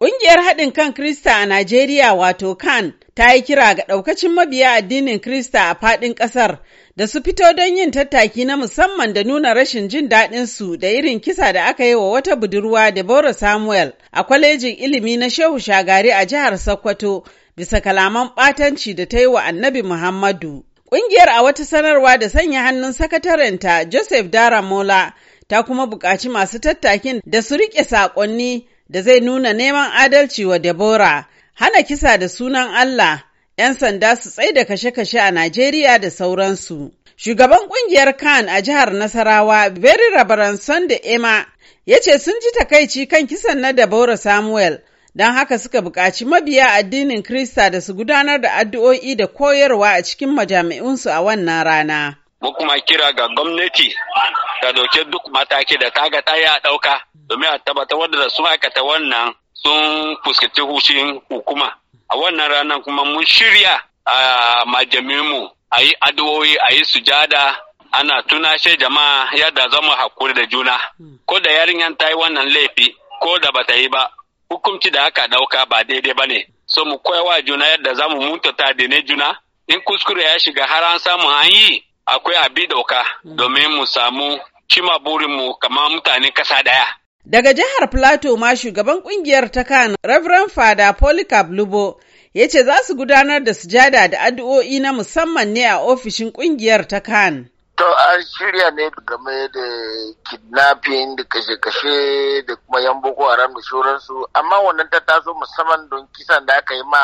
Ƙungiyar haɗin kan Krista a Najeriya wato KAN, ta yi kira ga ɗaukacin mabiya addinin Krista a faɗin ƙasar da su fito don yin tattaki na musamman da nuna rashin jin daɗin su da irin kisa da aka yi wa wata budurwa Deborah Samuel a kwalejin ilimi na Shehu Shagari a jihar Sokoto bisa kalaman ɓatanci da ta yi wa Annabi Muhammadu. Ƙungiyar a wata sanarwa da sanya hannun sakatarenta Joseph Daramola ta kuma buƙaci masu tattakin da su riƙe saƙonni da zai nuna neman adalci wa Deborah, hana kisa da sunan Allah, 'yan sanda su tsai da kashe-kashe a Najeriya da sauransu. Shugaban ƙungiyar Khan a jihar Nasarawa, Beri Rabaranson da Emma, ya ce sun ji takaici kan kisan na Deborah Samuel, don haka suka buƙaci mabiya addinin Krista da su gudanar da addu'o'i da koyarwa a cikin majami'unsu a wannan rana. Mu kuma kira ga gwamnati ta dauke duk mataki da ta ga ya ɗauka domin a tabbata wanda sun aikata wannan sun fuskanci hushin hukuma. A wannan ranar kuma mun shirya a majami'inmu a yi addu'o'i a yi sujada ana tunashe jama'a yadda zama hakuri da juna. Ko da yarinyar ta yi wannan laifi ko da bata yi ba hukunci da aka ɗauka ba daidai ba ne. So mu koyawa juna yadda za mu ta ne juna in kuskure ya shiga har an samu an yi akwai abi doka domin mu samu shi ma burinmu kama mutanen kasa daya. Daga jihar Plateau ma shugaban kungiyar ta kan Reverend Fada Polycarp Lubo ya ce za su gudanar da sujada da addu'o'i na musamman ne a ofishin kungiyar ta kan. To an shirya ne game da kidnapping da kashe-kashe da kuma yan boko haram da shoransu amma wannan ta taso musamman don kisan da aka yi ma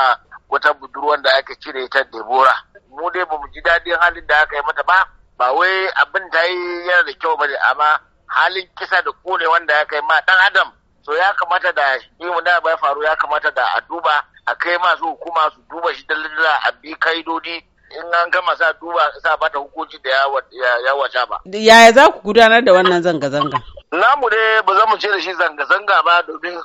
wata budurwar da aka cire ta Deborah. Mu dai ba mu ji daɗin halin da aka yi mata ba ba wai abin ta yi yana da kyau ba ne amma halin kisa da kone wanda ya kai ma dan adam so ya kamata da irin da ya faru ya kamata da a duba a kai masu hukuma su duba shi dalila a bi kaidodi in an gama sa duba sa bata hukunci da ya wata ba. Yaya za ku gudanar da wannan zanga-zanga? Namu dai ba za mu ce da shi zanga-zanga ba domin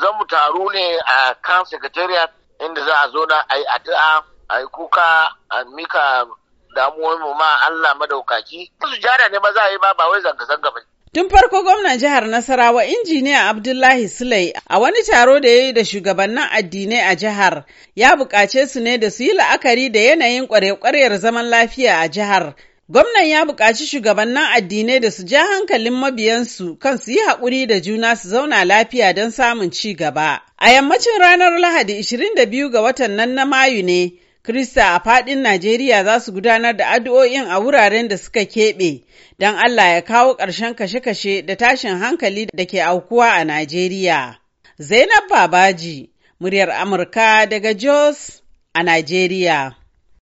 za mu taru ne a kan secretariat inda za a zo na a yi addu'a a yi kuka a mika damuwar mu ma Allah madaukaki su jara ne ba za a yi ba wai zanga zanga ba Tun farko gwamnan jihar Nasarawa injiniya Abdullahi Sulai a wani taro da ya yi da shugabannin addinai a jihar ya buƙace su ne da su yi la'akari da yanayin kware ƙwaryar zaman lafiya a jihar. Gwamnan ya buƙaci shugabannin addinai da su ja hankalin mabiyansu kan su yi haƙuri da juna su zauna lafiya don samun ci gaba. A yammacin ranar Lahadi 22 ga watan nan na Mayu ne, Krista a faɗin Najeriya za su gudanar da addu'o'in a wuraren da suka keɓe don Allah ya kawo ƙarshen kashe-kashe da tashin hankali da ke aukuwa a Najeriya. Zainab Babaji, muryar Amurka daga Jos a Najeriya.